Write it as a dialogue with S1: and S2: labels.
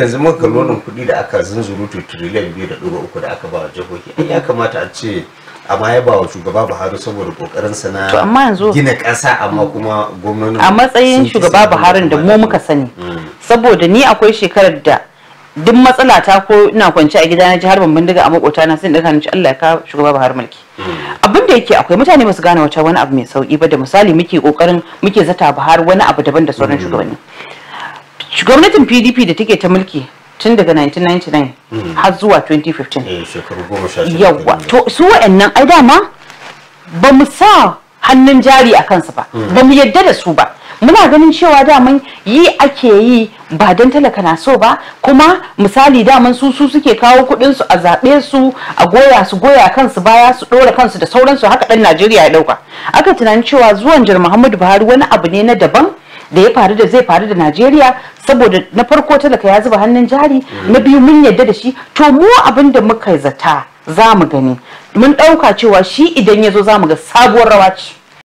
S1: yanzu mun kalli wannan kuɗi da aka zunzurutu tiriliyan biyu da ɗigo uku da aka ba wa jihohi ai ya kamata a ce a baya ba wa shugaba buhari saboda kokarin na gina ƙasa amma kuma gwamnati a
S2: matsayin shugaba buhari da mu muka sani mm. saboda ni akwai shekarar da duk matsala ta ko ina kwance a gida na ji harbin bindiga a makota na sun daga ni Allah ya ka shugaba buhari mulki mm. abin da yake akwai mutane ba su gane wata wani abu mai sauki ba da misali muke kokarin muke zata buhari wani abu daban da sauran mm. shugabanni gwamnatin pdp da take ta mulki tun daga 1999 mm. har zuwa 2015 eh, yawwa to su wa'annan ai dama ba mu sa hannun jari a kansu ba mm. ba mu yadda da su ba muna ganin cewa daman yi ake yi ba don talaka na so ba kuma misali daman su su suke kawo kudin su a zaɓe su a goya su goya kansu baya su ɗora kansu da sauransu haka ɗan najeriya ya ɗauka aka tunanin cewa zuwan jar muhammadu buhari wani abu ne na daban da ya faru da zai faru da Najeriya saboda na farko talaka ya zuba hannun jari na biyu mun yadda da shi to mu abin da muka zata za mu gani mun ɗauka cewa shi idan ya zo za mu ga sabuwar rawa ce